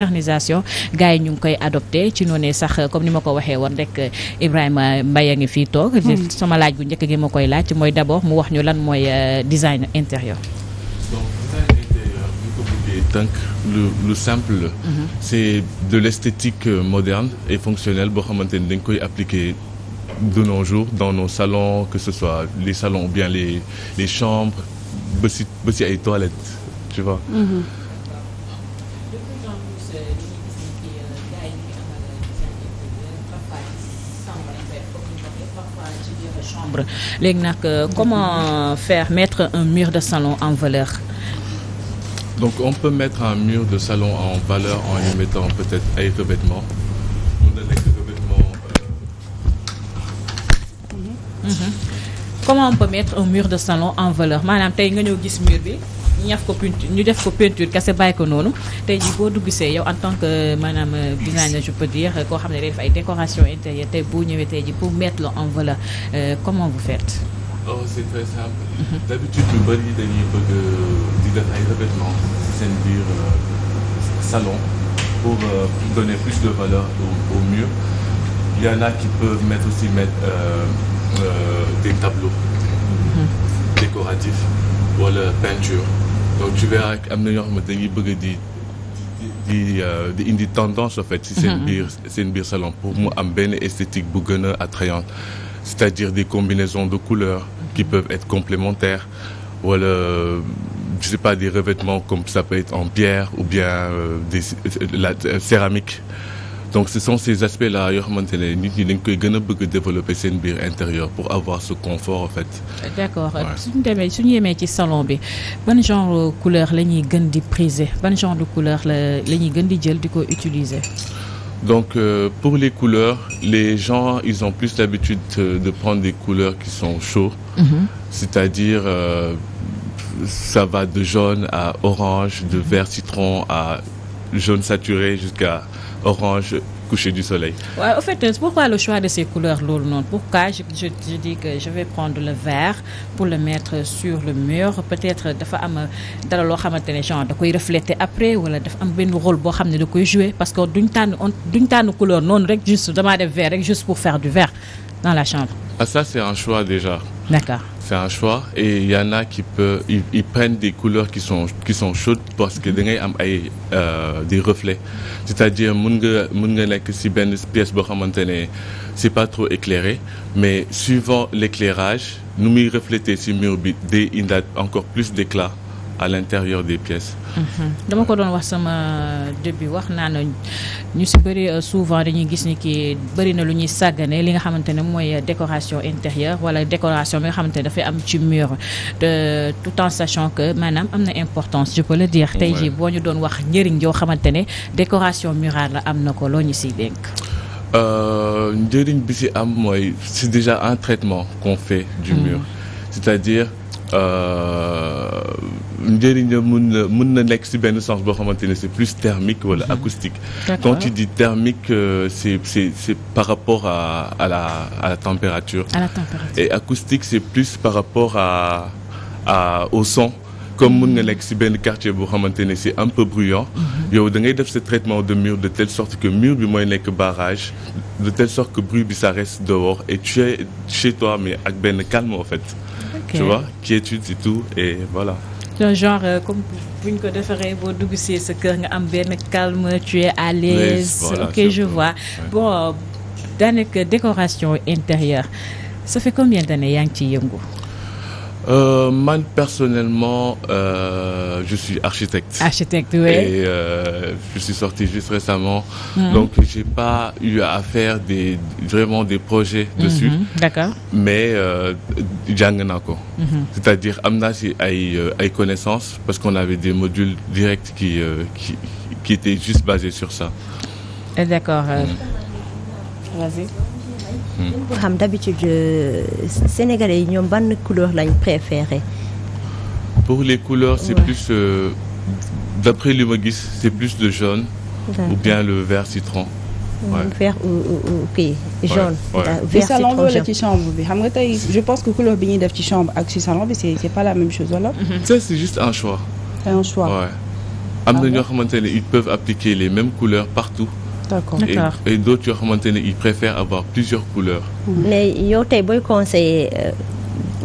modernisation gars yi ñu ngi koy adopté ci noonu sax comme ni ma ko waxee woon rek Ibrahima mbay a ngi fii toog hmm. sama laaj bu njëkk gi ma koy laaj mooy d'abord mu wax ñu lan mooy euh, design intérieur donc lu lu simple la mm-hmm. c'est de l'esthétique euh, moderne et fonctionnelle boo xamante ni dañ koy appliquer de nos jours dans nos salons que ce soit les salons ou bien les les ba si ay toilettes tu vois mm-hmm. d'œuvre léegi nag euh, comment faire mettre un mur de salon en valeur donc on peut mettre un mur de salon en valeur en y mettant peut-être ay euh, mhm. Mhm. comment peut mettre un mur de salon en valeur maanaam tey nga ñëw gis mur bi ñu def ko peinture ñu def ko kese bàyyi ko noonu tey jii boo duggusee yow en tant que maanaam euh, designer je peux dire koo xam ne day def ay décoration intérieure tey boo ñëwee tey jii pour mettre la en valeur euh, comment vous faites. oh c' est très simple. Mhm. d'habitude ñu bëri dañuy bëgg euh, di def ay revêtement seen biir salon pour donner plus de valeur au, au mur. a qui peuvent mettre aussi mettre des tableaux mhm. décoratifs wala peinture donc tu verras am na ñoo xam ne dañuy bëgg di di di euh, indi tendance en fait. si mhm. seen biir seen salon pour mu am benn esthétique bu gën a attrayante c'est-à-dire des combinaisons de couleurs qui mhm. peuvent être complémentaires wala voilà, euh, je sais pas des revêtements comme ça peut être en pierre ou bien euh, des la donc ce sont ces aspects là yoo xamante ne nit ñi dañ koy gën a bëgg développer seen biir intérieur pour avoir ce confort en fait. d'accord suñu demee suñu yemee ci salon bi ban genre couleur la ñuy gën di priser ban genre de couleur la la ñuy gën di jël di ko utiliser. donc euh, pour les couleurs les gens ils ont plus l'habitude euh, de prendre des couleurs qui sont chaudes. cest mhm. c'est-à-dire euh, ça va de jaune à orange de vert citron à jaune saturé jusqu'à orange coucher du soleil. waaw ouais, en fait euh, pourquoi le choix de ces couleurs loolu noonu pourquoi je, je je dis que je vais prendre le vert pour le mettre sur le mur peut-être dafa am euh, dara loo xamante ne genre da koy refléter après wala dafa am benn rôle boo xam ne da koy jouer parce que duñ tànn duñ tànn couleur noonu rek juste damaa dem vert rek juste pour faire du vert. dans la chambre ah, Ça, c'est un choix déjà. D'accord. C'est un choix et il y en a qui peuvent, ils, ils, prennent des couleurs qui sont, qui chaudes parce que da am ay euh, des reflets c'est-à-dire mun nga mun nga nekk si benn pièce boo xamante ne c'est pas trop éclairé mais suivant l'éclairage nu muy refléter si mur bi day indaat encore plus d'éclat à l'intérieur des mhm. dama ko doon wax sama début wax naa ne ñu si bëri euh, souvent dañuy gis ni ki bëri na lu ñuy sàggane li nga xamante ne mooy décoration intérieure wala décoration bi nga xamante ne dafay am ci mur te tout en sachant maanaam am na importance je peux le tey jii boo ñu doon wax njëriñ yoo xamante ne décoration murale la am na ko loo ñu si dénk. Euh, njëriñ bi si am mooy c'est déjà un traitement qu'on fait du mhm. mur. c'est-à-dire. Euh, njëriñam mun na mun na nekk si benn sens boo xamante ne c'est plus thermique wala voilà, mhm. acoustique quand tu dis thermique euh, c'est c'est c'est par rapport a la température à la température et acoustique c'est plus par rapport à à au son comme mun nga mhm. nekk ci benn quartier boo xamante ne c'est un peu bruyant mhm. yow da ngay def ce traitement de mur de telle sorte que mur bi mooy nekk barrage de telle sorte que bruit bi sa reste dehors et tu es chez toi mais ak benn calme en fait okay. quiétude et et voilà un genre euh, comme bu ñu ko defaree boo dugg see sa kër nga am benn calme tu à l'aise voilà, ok je vois ouais. bon daanaka décoration intérieure ça fait combien d'années yaa ngi ciy yëngu Euh, man personnellement euh, je suis architecte. Architecte oui. Et euh, je suis sorti juste récemment. Mmh. Donc j'ai pas eu à faire des vraiment des projets dessus. Mmh. D'accord. mais euh, jàng naa ko. Mhm. c'est-à-dire am naa ci ay euh, ay connaissances parce qu'on avait des modules directs qui euh, qui qui étaient juste basés sur ça. D'accord. Mhm. Vas-y. dañ ko xam d'habitude euh, sénégalais yi ñoom ban couleur lañ préféré pour les couleurs c'est plus euh, d'après li ma gis c'est plus de jaune ou bien le vert citron Ouais. vert ou vert salon bi wala ci xam nga tey je pense que couleur bi ñuy def ci chambre ak ci salon bi c'est c'est pas la même chose wala. Mm-hmm. c'est juste un choix. c'est un choix. Ah ñoo xamante ne ils peuvent appliquer les mêmes couleurs partout. d'accord et, et d'autres yoo xamante ne ils préfèrent avoir plusieurs couleurs. Mm. mais yow tey booy conseiller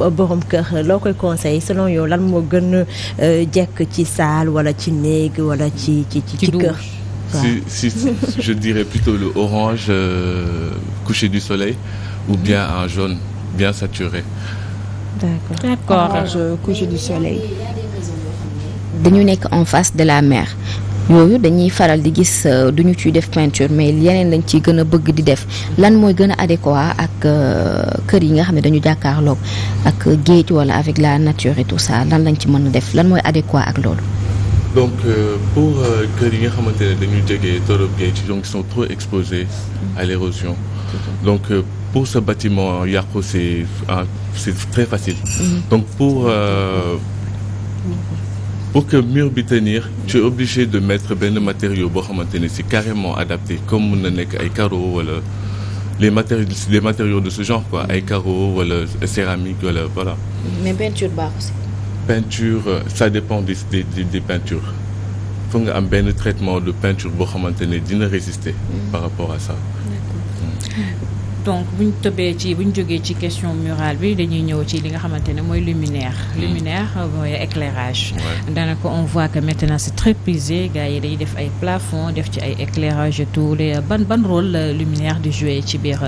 euh, borom kër loo koy conseil selon yow lan moo gën a euh, jekk ci saal wala ci néeg wala ci ci ci kër. si si je dirais plutôt le orange euh, coucher du soleil ou bien mm. un jaune bien saturé. d'accord d'accord coucher du soleil. dañu nekk en face de la mer. yooyu dañuy faral di gis euh, du ñu ciy def peinture mais yeneen lañ ciy gën a bëgg di def lan mooy gën a adéquat ak euh, kër yi nga xam ne dañu jàkkaarloog ak géej wala avec la nature et tout ça lan lañ ci mën a def lan mooy adéquat ak loolu. donc euh, pour kër yi nga xamante ne dañu jege torop géej donc ils sont trop exposés à l'érosion donc pour ce bâtiment yàqu c'est ah, c'est très facile. Mm-hmm. donc pour. pour que mur bi tenir tu es obligé de mettre benn matériau boo xamante ne si carrément adapté comme mun na nekk ay carreaux wala les matériaux les matériaux de ce genre ay carreaux wala céramique wala voilà. mais peinture baax aussi. peinture ça dépend des des des peintures foog nga am benn traitement de peinture boo xamante ne dina résister. Mm. par rapport à ça. donc bu ñu tëbee ci bu ñu jógee ci question murale bi dañuy ñëw ci li nga xamante ne mooy luminaire. Hmm. luminaire euh, mooy éclairage. daanaka on voit que maintenant c'est très prisé gars yi dañuy def ay plafond def ci ay éclairage et les euh, ban ban rôle la euh, luminaire di jouer ci biir.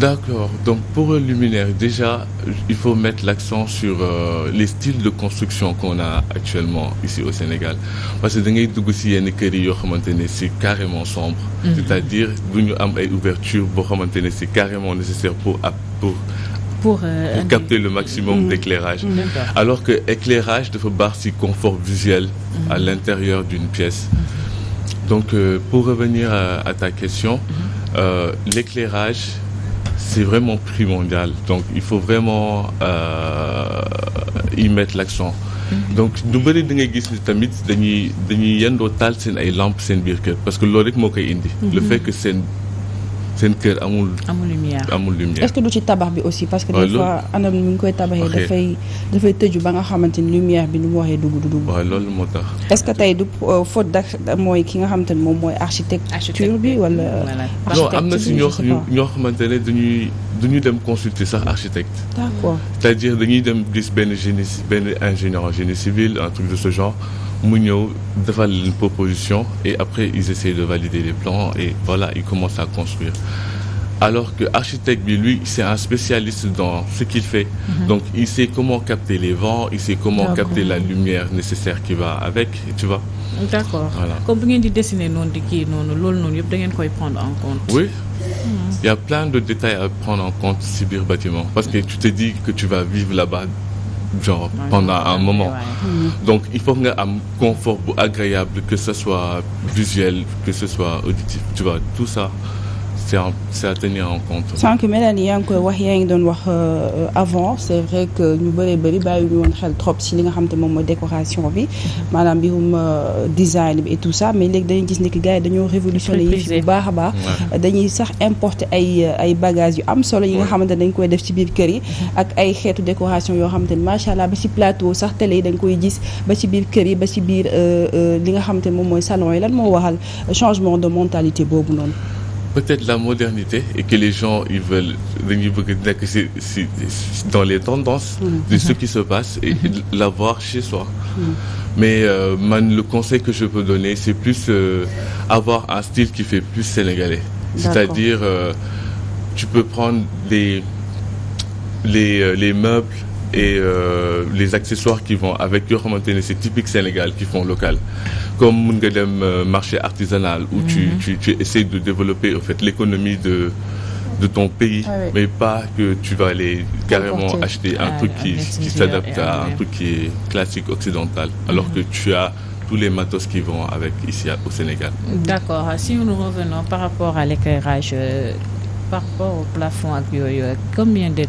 D'accord. Donc pour Luminaire, déjà, il faut mettre l'accent sur euh, les styles de construction qu'on a actuellement ici au Sénégal. Parce que dangay dugg si yenn kër yi yoo xamante ne c'est carrément sombre. Mm -hmm. à dire bu ñu am ay ouverture boo xamante ne c'est carrément nécessaire pour ab pour. pour, euh, pour capter le maximum mhm. d'éclairage. Mhm. Alors que éclairage dafa baax si confort visuel mmh. à l'intérieur d'une pièce. Mhm. Donc euh, pour revenir à, ta question, euh, l'éclairage c'est vraiment prix mondial Donc, il faut vraiment euh, y mettre l'accent. Mhm. donc du bëri da ngay gis ni tamit dañuy dañuy yendoo taal seen ay lamp seen biir kër parce que loolu rek moo koy indi. Mhm. le fait que seen seen kër amul. amul lumière amul lumière. est-ce que du ci tabax bi aussi parce que. des fois anam mi ngi koy tabaxee. dafay dafay tëju ba nga xamante ni lumière bi ni mu waxee dugg du dugg. loolu moo tax. est-ce que tey du euh, faute da mooy ki nga xamante ni moom mooy architecture bi wala. non am na si ñoo ñoo xamante ne dañuy duñu dem consulter sax architecte. d'accord c'est-à-dire dañuy dem gis benn génie benn ingénieur en génie civil de ce genre. mu ñëw defal leen proposition et après ils essaient de valider les plans et voilà ils commencent à construire alors que architecte bi lui c'est un spécialiste dans ce qu'il fait mm-hmm. donc il sait comment capter les vents il sait comment d'accord. capter la lumière nécessaire qui va avec tu vois d'accord ngeen di dessiner noonu di kii noonu loolu noonu yëpp da ngeen koy prendre en compte oui mm-hmm. il y a plein de détails à prendre en compte si biir bâtiment parce que tu te dis que tu vas vivre là-bas genre pendant un moment mhm. donc il faut nga am confort bu agréable que ce soit visuel que ce soit auditif tu vois tout ça c'est c'est à sànq Mélanie yaa ngi koy wax yaa ngi doon wax euh, avant c'est vrai que ñu bëree bëri bàyyi ñu woon xel trop si li nga xam te moom mooy décoration bi mhm. maanaam mbirum euh, design bi et tout ça mais léegi dañu gis ni que gars yi dañoo révolutionné yi fi bu baax a baax dañuy sax importer ay euh, ay bagages yu am solo yi nga xamante dañ koy def ci biir kër yi mhm. ak ay xeetu décoration yoo xamante ni macha allah ba ci plateau sax télé yi dañ koy gis ba ci biir kër yi ba ci biir li nga xamante moom mooy salon yi lan moo waxal changement de mentalité boobu noonu peut-être la modernité et que les gens ils veulent dañuy bëgg nekk si si dans les tendances mm. de ce qui se passe et mm-hmm. l'avoir chez soi mm. mais euh, man le conseil que je peux donner c'est plus euh, avoir un style qui fait plus sénégalais c'est-à-dire euh, tu peux prendre des les euh, les meubles et euh, les accessoires qui vont avec yoo xamante ne c'est typique Sénégal qui font local comme mun nga dem euh, marché artisanal où tu mhm. tu tu essaies de développer en fait l'économie de de ton pays ah oui. mais pas que tu vas aller carrément Importer. acheter un ah, truc qui qui s'adapte à un truc qui est classique occidental alors mm -hmm. que tu as tous les matos qui vont avec ici au Sénégal. D'accord. Si nous revenons par rapport à l'éclairage euh, par rapport au plafond ak yooyu ak combien de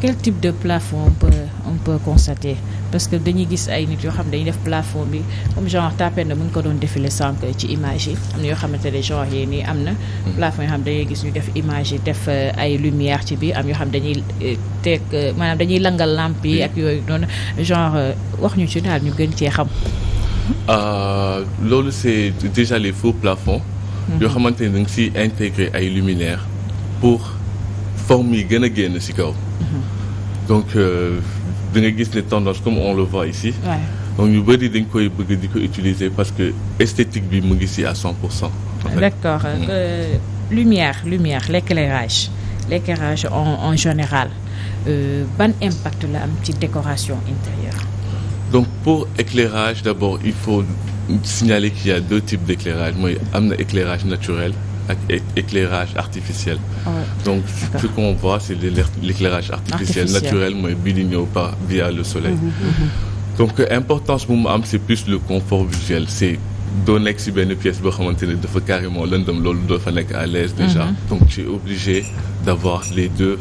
quel type de plafond on peut on peut constater parce que dañuy gis ay nit yoo xam dañuy def plafond bi comme genre tàppee na mu ngi ko doon défilé sànq ci image yi am na yoo xamante ne genre yee nii am na. Hmm. plafond yoo xam dañuy gis ñu def image def euh, ay lumière ci biir am yoo xam dañuy euh, teg euh, maanaam dañuy langal lampe yi ak hmm. yooyu noonu genre wax ñu ci daal ñu gën cee xam. Ah, loolu c'est déjà les faux plafonds. Hmm. yoo xamante ay luminaires. pour forme yi gën a génn ci kaw. Mhm. donc euh, da nga gis les tendances comme on le voit ici. ñu bëri dañ koy bëgg di ko utiliser parce que esthétique bi mu ngi ci à 100 pour cent. d'accord mhm. euh, lumière lumière l'éclairage l'éclairage en général euh, ban impact la am ci décoration intérieure. donc pour éclairage d'abord il faut signaler qu'il y a deux types d'éclairage mooy am na éclairage naturel. ak éclairage artificiel. Ah donc ce qu'on voit c'est de l'éclairage artificiel naturel mooy bii di ñëw par via le soleil. Mhm, mhm, mhm. donc euh, importance bu mu am c'est plus le confort visuel c'est doo nekk ci benn pièce boo xamante ne dafa carrément lëndëm loolu doo fa nekk à l'aise déjà donc tu es obligé d'avoir les deux.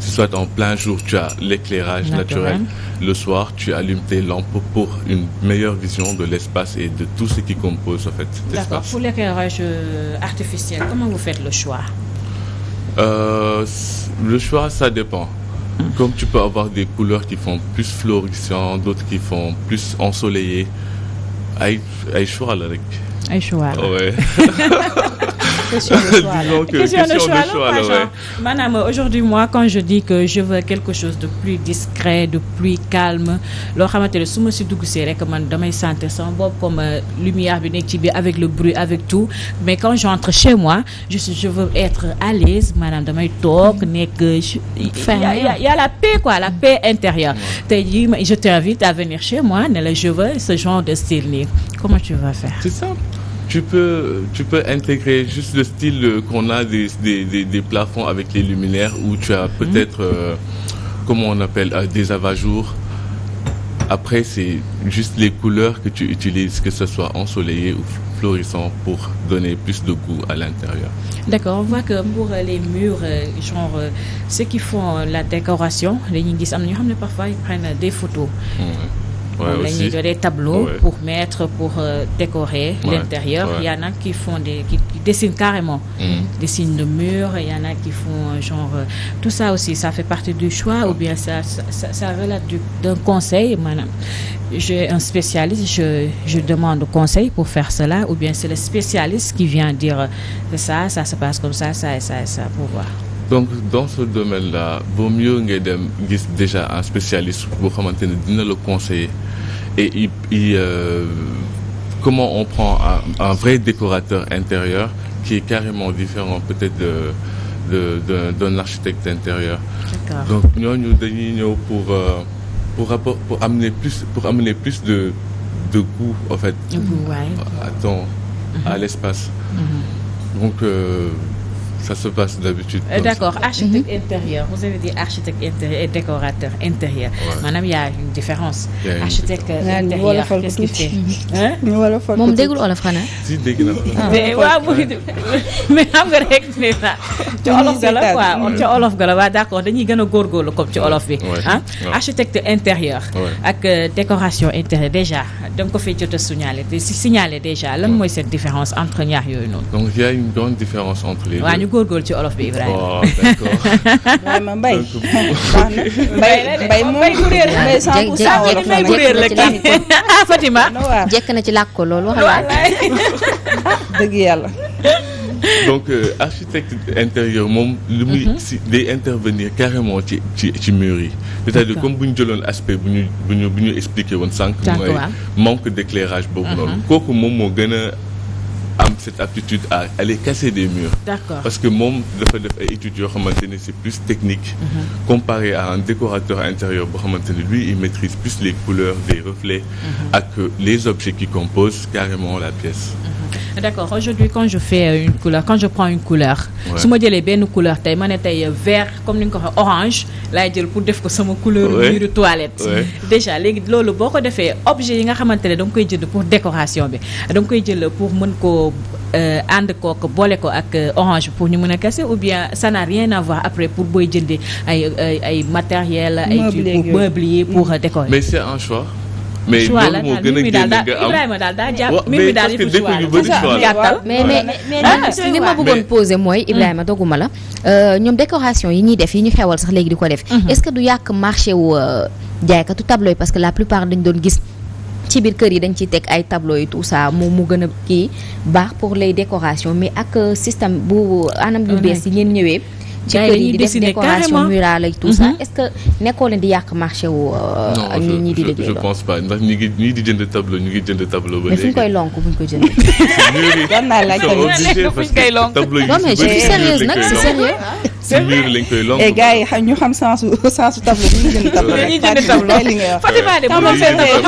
soit en plein jour, tu as l'éclairage naturel. Le soir, tu allumes tes lampes pour une meilleure vision de l'espace et de tout ce qui compose en fait cet D'accord. Pour l'éclairage euh, artificiel, comment vous faites le choix euh, Le choix, ça dépend. Hum. Comme tu peux avoir des couleurs qui font plus fluorescentes, d'autres qui font plus ensoleillées, ay, ay choix là. Avec. Ay choix la ouais. question de choix la que, question, question de choix la ouais. maanaam aujourd'hui moi quand je dis que je veux quelque chose de plus discret de plus calme loo xamante ne su ma si dugg see rek man damay sentir sama bopp comme euh, lumière bi nekk ci biir avec le bruit avec tout mais quand j'entre chez moi je suis je veux être à l'aise maanaam damay toog mm-hmm. nekk. y a la paix quoi la paix intérieure tey jii je t'invite à venir chez moi ne la je veux ce genre de style nii comment tu vas faire. C'est simple. tu peux, tu peux intégrer juste le style qu'on a des, des, des, des, plafonds avec les luminaires où tu as mhm. peut-être, euh, comment on appelle, euh, des avajours. Après, c'est juste les couleurs que tu utilises, que ce soit ensoleillé ou florissant, pour donner plus de goût à l'intérieur. D'accord, on voit que pour euh, les murs, euh, genre, ceux qui font la décoration, les Yingis, parfois ils prennent des photos. Mmh. moom la ñuy jëlee tableau pour mettre pour euh, décorer l'intérieur il y en a qui font des qui carrément mm. dessinent le mur y en a qui font euh, genre euh, tout ça aussi ça fait partie du choix ou bien ça ça ça relate d'un conseil j'ai un spécialiste je demande conseil pour faire cela ou bien c'est le spécialiste qui vient dire ça ça se passe comme ça et ça et ça pour voir donc dans ce domaine là vaut mieux ngay dem déjà un spécialiste boo xamante ne dina la conseiller et il, il euh, comment on prend un, un, vrai décorateur intérieur qui est carrément différent peut-être de d'un architecte intérieur. donc ñooñu dañuy ñëw pour euh, pour rapport pour amener plus pour amener plus de de goût en fait. à ton mm-hmm. à l'espace. Mm-hmm. donc euh, Ça se euh, mhm. a une différence. Yeah, architecte yeah, intérieur, qu'est-ce qu'il fait hein moom déggul olof xanaa. mais xam nga rek ne la ci olof gala waa ci olof gala waaw d'accord dañuy gën a góorgóorlu comme ci olof bi ah architecte intérieur ak euh, décoration intérieure déjà da ko fay jot a signaler si signaler déjà lan mooy cette différence entre ñaar yooyu noonu donc il a une grande différence entre les deux góorgóorlu ci olof bi Ibrahima. waaw ma mbay. mbay mbay ku la na ci làkk ko loolu wax la. dëgg yàlla. donc euh, architecte intérieur moom. lu muy intervenir carrément ci ci ci mur yi. c'est-à-dire comme bu ñu jëloon aspect bu ñu bu ñu bu woon sànq. mooy manque d'éclairage boobu noonu. kooku moom moo gën a am. cette aptitude à aller casser des murs. parce que moom dafa def ay études yoo xamante ni c'est plus technique. Mm-hmm. comparé à un décorateur intérieur boo xamante ni lui il maîtrise plus les couleurs des reflets. Mm-hmm. ak mm les objets qui composent carrément la pièce. Mm-hmm. d'accord aujourd'hui quand je fais euh, une couleur quand je prends une couleur su ma jëlee benn couleur tey ma ne tey euh, vert comme ni nga ko waxee orange laay jël pour def ko sama couleur muru toilette déjà léegi boo ko defee objet yi nga xamante ne da koy jënd pour décoration bi da koy jël ko Euh, ànd kook boole ko ak euh, orange pour ñu mën a kese ou bien ça n'a rien à après pour booy jëndee ay ay matériel ay meuble yi pour euh, décorer mais a génn daal daa jàpp mbir mi daal yëpp mais li ma bëggoon poser mooy mm. Ibrahima doguma la ñoom décoration yi ñuy def yi ñu xewal sax léegi di ko def mm-hmm. est-ce que du yàq marché wu jaaykatu tableau parce que la plupart dañ doon gis ci biir kër yi dañ ciy teg ay tableau yi tout ça mu mu gën a kii baax pour les décoration mais ak euh, système bu anam yu ah, bees yi ngeen ñëwee ci kër yi di def décoration murale ak tout ça mm-hmm. nekkoo leen di yàq marché wu euh, ak ñi ñi di di jënd tableau ñu ngi jënd tableau ba léegi mais fu ñu koy lonk bu ñu ko jënd doon naa ñu koy lonk non mais je suis sérieuse nag c'est sérieux si mur lañ koy lonk et eh, gars yi xam ñu xam sensu sensu tableau bu ñu jënd tableau rek Fatima de bu fekkee ah, nga boo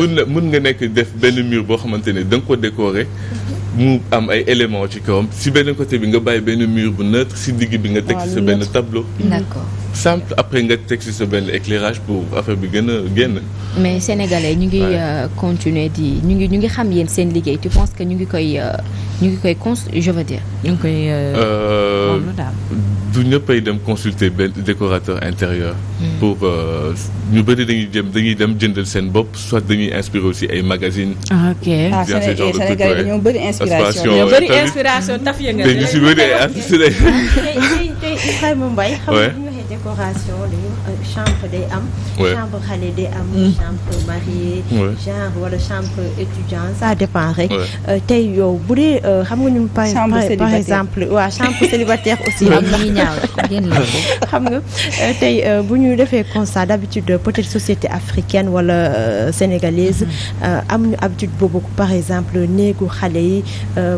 xamante ne nekk def benn mur boo xamante ne da nga ko déco décorer. mu am ay éléments ci kawam si benn côté bi nga bàyyi benn miir bu neutre si digg bi nga teg sa benn tableau. d'accord. simple après nga teg ci sa benn éclairage pour affaire bi gën a génn. mais sénégalais ñu ngi euh, continuer di ñu ngi ñu ngi xam yéen seen liggéey tu penses que ñu ngi koy euh, ñu ngi koy cons je veux dire. ñu ngi koy euh, du ñëppay dem consulter benn décorateur intérieur. Hmm. pour ñu bëri dañuy jëm dañuy dem jëndal seen bopp soit dañuy inspiré aussi ay magazines. Ah, ok ah sénégalais dañoo bëri inspiration dañoo bëri inspiration taf yëngal. dañu si bëri ay artistes. tey tey Ibrahima Mbaye. décoration day chambre day am. chambre xale day am. chambre marié. genre wala chambre étudiant ça dépend rek. Euh, tey yow bu dee euh, xam nga ñu par par exemple waaw chambre célibataire aussi. am na ñaaw xam nga euh, tey bu ñu defee constat d'habitude peut-être société africaine wala sénégalaise. Mm-hmm. am ñu habitude boobu par exemple néegu xale yi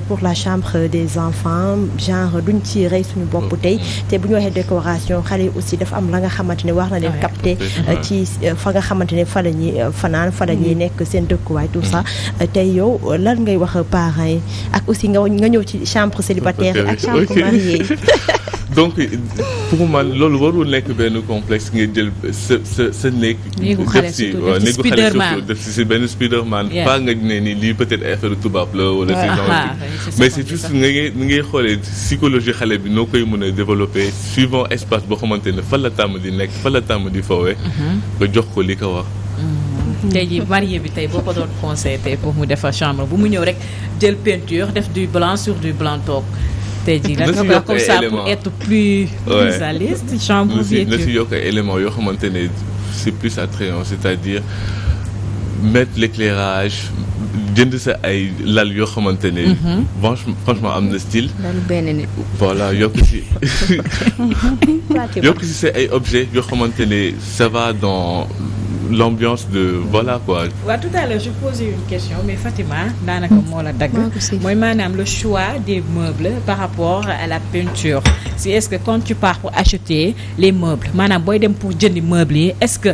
pour la chambre des enfants genre duñ ci rey suñu bopp mm-hmm. tey te bu ñu waxee décoration xale yi aussi dafa am la nga xamante ne war na leen capter ci fa nga xamante ne fa la ñuy fanaan fa dañuy mm-hmm. nekk seen dëkkuwaay tout ça mm-hmm. euh, tey yow lan ngay wax parents ak aussi nga nga ñëw ci chambre célibataire yi ak chambre mariée yi donc pour man loolu warul nekk benn complexe nga jël sa sa néeg def si waaw néegu xale surtout si si benn spiderman pas nga ne ni lii peut-être affaire tubaab la wala si ah, ah, mais c'est juste nga ngay ngay xoolee psychologie xale bi noo koy mën a développer suivant espace boo xamante ne fan la tàmm di nekk fan la tàmm di fowee mm-hmm. nga jox ko li tey jii marié bi tey boo ko doon conseillé tey pour mu defar chambre bu mu ñëw rek jël peinture def du blanc sur du blanc toog. tey jii nag nga comme ça pour être yoo xamante ne c'est plus attrayant c'est-à-dire mettre l'éclairage jënd sa ay lal yoo xamante ne. Mhm. franchement am na style. voilà yokk si yokk si sa ay objets yoo xamante ne va dans. l'ambiance de voilà quoi. waaw tout à l'heure je posais une question mais Fatima daanaka moo la dagg. mooy maanaam le choix des meubles par rapport à la peinture si est-ce que quand tu pars pour acheter les meubles maanaam booy dem pour jëndi meubles yi est-ce que.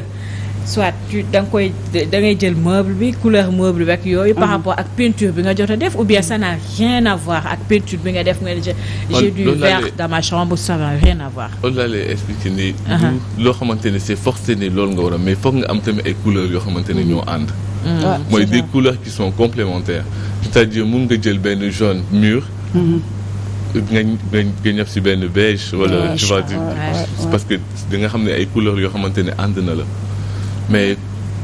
soit da nga koy da ngay jël meuble bi couleur meuble bi ak yooyu. par mhm. rapport ak peinture bi nga jot a def ou bien mhm. ça n'a rien à voir ak peinture bi nga def nga ne j'ai du vert dans chambre ça n'a rien à voir. loolu laa expliqué nii. loo xamante ne c'est forcé ni loolu nga war a mais foog nga am tamit ay couleurs yoo xamante ne mhm. ñoo ànd. mooy des couleurs qui sont complémentaires. c'est-à-dire mun nga jël benn jaune mûr. nga nga nga benn beige. wala tu vois parce que di nga xam ne ay couleurs yoo xamante ne ànd la. mais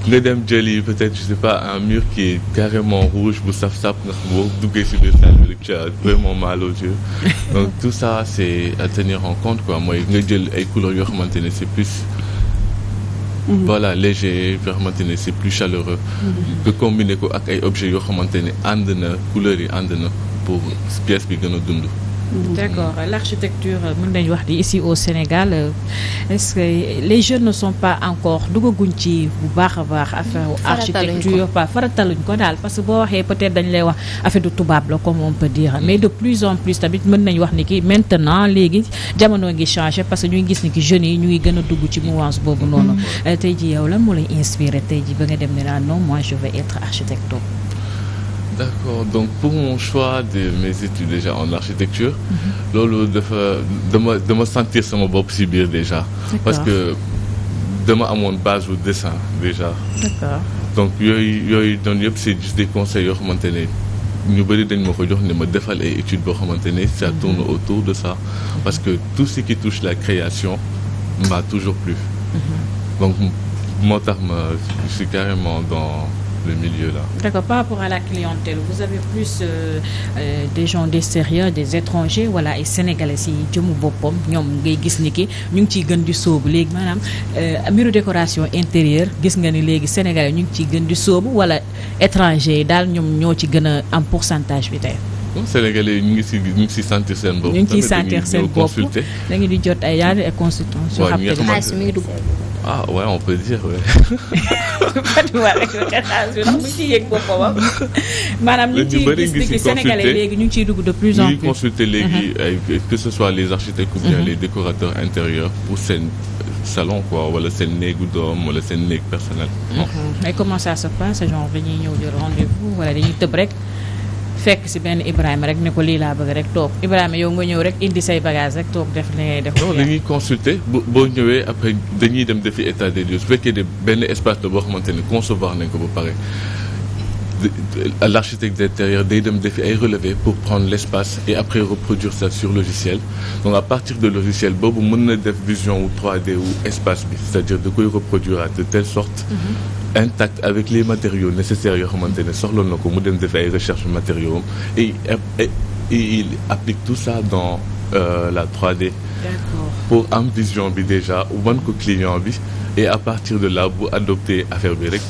nga dem jëli peut-être je sais pas un mur qui est carrément rouge bu saf saf nga xam boo duggee si biir salle bi tu as vraiment mal aux yeux donc tout ça c'est à tenir en compte quoi mooy nga jël ay couleurs yoo xamante ne c'est plus mhm. voilà léger yoo xamante ne c'est plus chaleureux mhm. nga combiner ko ak ay objets yoo xamante ne ànd na couleurs yi ànd na pour pièce bi gën a dund Mmh. d'accord l'architecture mën nañ wax di ici au Sénégal euh, est les jeunes ne sont pas encore dugaguñ ci bu baax a baax affaire mmh. architecture pas farataluñ ko daal parce que boo waxee peut-être dañ lay wax affaire du tubaab la comme on peut dire mais de plus en plus tamit mën nañ wax ni ki maintenant léegi jamono ngi changé parce que ñu gis ni ki jeunes yi ñu ngi gën dugg ci mouvance boobu noonu mmh. euh, tey ji yow lan moo lay inspiré tey ji ba nga dem ne naa non moi je vais être architecte d'accord donc pour mon choix de mes études déjà en architecture. Mhm. loolu dafa dama dama sentir sama bopp si biir déjà. parce que dama amoon base au dessin déjà. d'accord donc yooyu yooyu doon yëpp c'est juste des conseils yoo xamante ne ñu bëri dañ ma ko jox ne ma defal ay études boo xamante ne ça mhm. tourne autour de ça mhm. parce que tout ce qui touche la création m'a toujours plu. donc moo tax ma je suis carrément dans. le milieu là. Par rapport à la clientèle, vous avez plus euh, euh, des gens d'extérieur, des étrangers, voilà, ay sénégalais yi jëmu boppam ñoom ngay gis ni ki ñu ngi ciy gën di sóobu léegi maanaam euh, mbiru décoration intérieure gis nga ni léegi sénégalais ñu ngi ciy gën di soobu wala étranger yi daal ñoom ñoo ci gën a am pourcentage bi tey. comme sénégalais yi ñu ngi si ñu seen bopp. ñu ngi ciy sentir seen bopp da ngeen di jot ay yaay ay consultants. waaw ñu ngi ah ouais on peut dire ouais. Fatou avec le catastrophe ndax mu ciy yëg ñu ngi ciy dugg de plus en plus. ñuy consulter mhm. léegi que ce soit les architectes ou bien mhm. les décorateurs intérieurs pour seen euh, salon quoi wala seen néegu doom wala seen néeg personnel. Mhm. mais comment ça se passe genre dañuy ñëw di rendez-vous wala dañuy tëb rek. fekk si benn Ibrahima rek ne ko lii laa bëgg rek toog Ibrahima yow nga ñëw rek indi say bagage rek toog def li ngay def. non dañuy consulter bu boo ñëwee après dañuy dem defi état des lieux su fekkee ne benn espace la boo xamante ni concevoir nañ ko ba pare. l'architecte d'intérieur day dem defi ay relevé pour prendre l'espace et après reproduire ça sur logiciel donc à partir de logiciel boobu mën na def vision wu 3D wu espace bi c'est-à-dire da koy reproduire de telle sorte mm-hmm. intact avec les matériaux nécessaires yoo xamante ne soxla na ko mu dem def ay recherche matériaux et il applique tout ça dans euh, la 3D pour am vision bi déjà wan ko client bi et à partir de là bu adopter affaire bi rek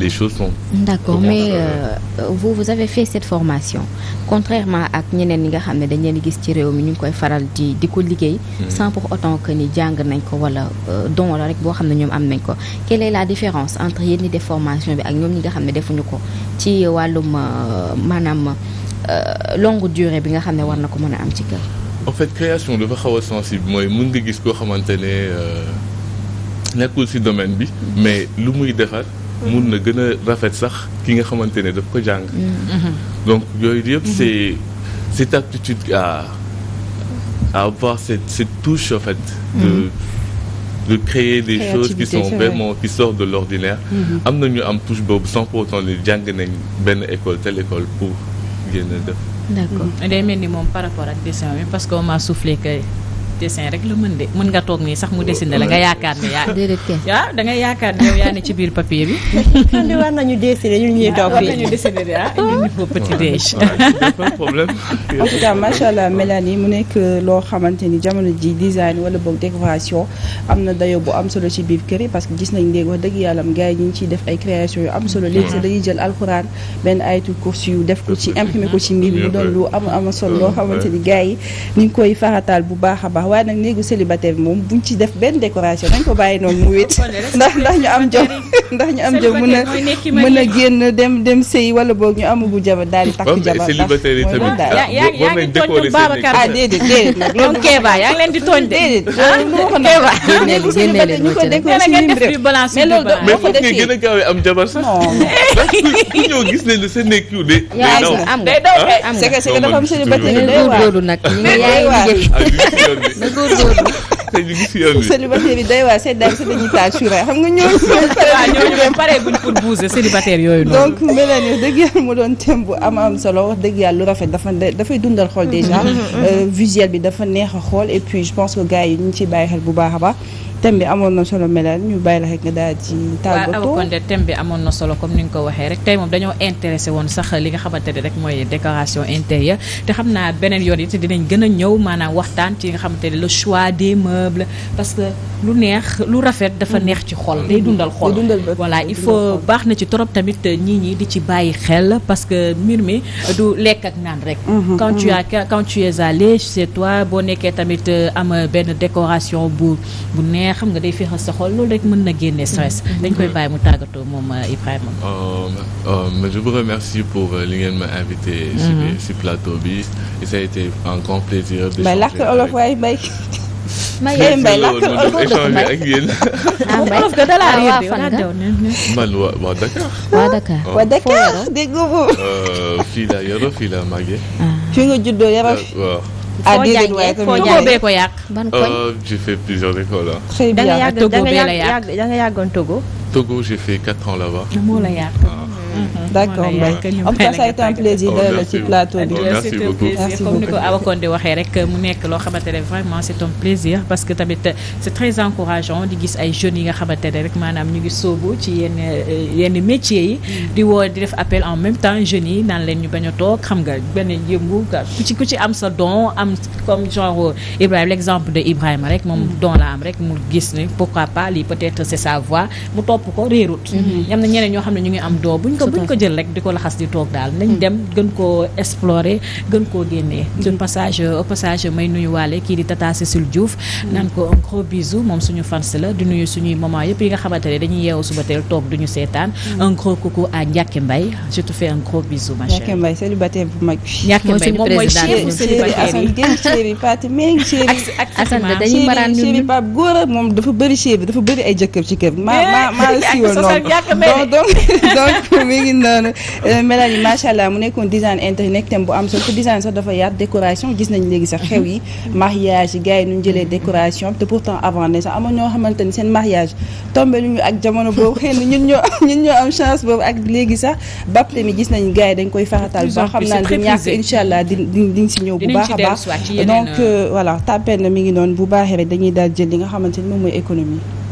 les choses sont. d'accord mais euh, vous vous avez fait cette formation contrairement ak ñeneen ñi nga xam ne dañ leen gis ci réew mi ñu ngi koy faral di di ko liggéey. Hmm. sans pour autant que ni jàng nañ ko wala euh, donc la rek boo xam ne ñoom am nañ ko. quelle est la différence entre yéen ñi def formation bi ak ñoom ñi nga xam ne defuñu ko ci wàllum euh, maanaam euh, longue durée bi nga xam ne war na ko mën a am ci kër. en fait création dafa xaw a sensible mooy mën nga gis koo xamante ne nekkul ci domaine bi hmm. mais lu muy mun na gën a rafet sax ki nga xamante ne daf ko jàng mm-hmm. donc yooyu yëpp mm-hmm. c'est cette aptitude à à avoir cette cette touche en fait de mm-hmm. de créer des choses qui sont vraiment qui sortent de l'ordinaire am na ñu am touche boobu sans pour autant ni jàng nañ benn école telle école pour génn def d'accord day mel ni moom par rapport ak dessin parce que on m'a soufflé que dessin rek la mën de mën nga toog nii sax mu dessiner la nga yaakaar ne yaa waaw da ngay yaakaar ne yow yaa ne ci biir papier bi andi war nañu dessiner ñun ñuy toog fii ah, oh. allah Mélanie mu nekk loo xamante ni jamono ji design wala boog décoration am na dayo bu am solo ci biir kër yi parce que gis nañ léegi wax dëgg yàlla am gars yi ñu ngi ciy def ay création yu am solo léegi sax dañuy jël alxuraan benn ayatul kursi yu def ko ci imprimer ko ci mbir mu doon lu am am solo loo baax waaye nag néegu célibataire bi moom buñ ci def benn décoration dañ ko bàyyi noonu mu wéet ndax ndax ñu am jom ndax ñu am jom mën a mën a génn dem dem sëy wala boog ñu amagu jabar daal di takk jabar célibataire yi tamit ah, yaa ngi tooñ Babacar ah déedéet déedéet nag loolu Kéba yaa ngi leen di tooñ déedéet loolu ah, Kéba néegu célibataire ñu ko décoré si nim loolu gën a gaawee am jabar sax ku ñëw gis nañ ne sa nekk am nga ah? c'est am célibataire day waa nag ñu ngi yaa ngi na góorgóorlu. te ñu ngi yoon bi yi day waa seddaay sa dañuy taal xam nga ñooñu. waaw ñooñu ba pare buñ pour bouger célibataire yooyu noonu. donc Mélanie wax dëgg yàlla mu doon thème bu am am solo wax dëgg yàlla lu rafet dafa de dafay dundal xool déjà. Mm-hmm, mm-hmm. Euh, visuel bi dafa neex a xool et puis je pense que gars yi ñu ngi ciy bàyyi xel bu baax a baax. thème bi amoon na solo melal ñu bàyyi la rek nga daal ci tàggatu waaw Konde bi amoon na solo comme ni nga ko waxee rek tey moom dañoo intéressé woon sax li nga xamante ne rek mooy décoration intérieure te xam naa beneen yoon yi te dinañ gën a ñëw maanaam waxtaan ci nga xamante ne le choix des meubles parce que lu neex lu rafet dafa mm. neex ci xol mm. day dundal xol voilà il faut baax na ci trop tamit ñii ñi di ci bàyyi xel parce que mbir mi du lekk ak naan rek mm-hmm, mm-hmm. quand tu as quand tu es allé boo nekkee tamit euh, am benn décoration bu xam nga day féexal sa xol loolu rek mën na génne stress mm-hmm. dañ koy bàyyi mu tàggatoo moom euh, Ibrahima. Euh, euh, je vous remercie ma invité. Mm-hmm. ci ci plateau bi ça a été un grand plaisir. mbay làkk olof waay mbay. mbay mbay làkk olof échanger ak yéen. Ah, olof de dala ah, man waa waa Dakar. waa Dakar oh. waa Dakar fii laa yoroo fii laa màggee. fi nga juddoo yoroo fi ah déedéet waaye foo jàngee ko yàq. ban euh, koñ j'ai fait plusieurs écoles ah. xëy na da nga yàgg da nga yàggoon Togo. Togo j'ai fait quatre ans là-bas. moo la yàq. Ah. Mm-hmm. d'accord en tout cas ça plaisir de ci plateau bi ni ko Awa Konde waxee rek mu nekk loo xamante ne vraiment c'est un plaisir parce que tamit c'est très encourageant di gis ay jeunes yi nga xamante ne rek maanaam ñu ngi sóobu ci yenn euh, yenn métiers yi di woo di def appel en même temps jeunes yi naan leen ñu bañ a toog xam nga benn yëngu ku ci ku ci am sa don am comme genre euh, Ibrahima l'exemple de Ibrahima rek moom mm-hmm. don la am rek mu gis ne pourquoi pas lii peut c'est que buñ ko jël rek di ko laxas di toog daal nañ hmm. dem gën ko explorer gën koo génnee de hmm. passage au euh, passage may nuyu waale kii di Tata Cécile Diouf hmm. naan ko un gros bisou moom suñu fans la di nuyu suñuy moment yëpp yi nga xamante ne dañuy yeewu suba teel toog duñu seetaan un gros coucou à Ndiaké mbay je te fais un gros bisou ma chérie Ndiaké Mbaye célibataire bu mag bi Ndiaké Mbaye moom mooy chéri célibataire yi gën chéri dañuy maraan ñun chéri Pape Gora moom dafa bari chéri dafa bëri ay jëkkër ci kër ma ma ma mi ngi noonu Mélanie macha allah mu nekkoon design internet thème bu am solo te design sax dafa yaat décoration gis nañ léegi sax xew yi mariage yi gars yi nu ñu jëlee décoration te pourtant avant ne sax aman ñoo xamante ni seen mariage tombé lu ñu ak jamono boobu xëy na ñun ñoo ñun am chance boobu ak léegi sax baptême yi gis nañ gars yi dañ koy faratal ba xam naa di ñàkk incha allah di diñ si ñëw bu baax a baax donc euh, voilà tàppen mi ngi noonu bu baaxee rek dañuy daal jël li nga xamante ni moom mooy économie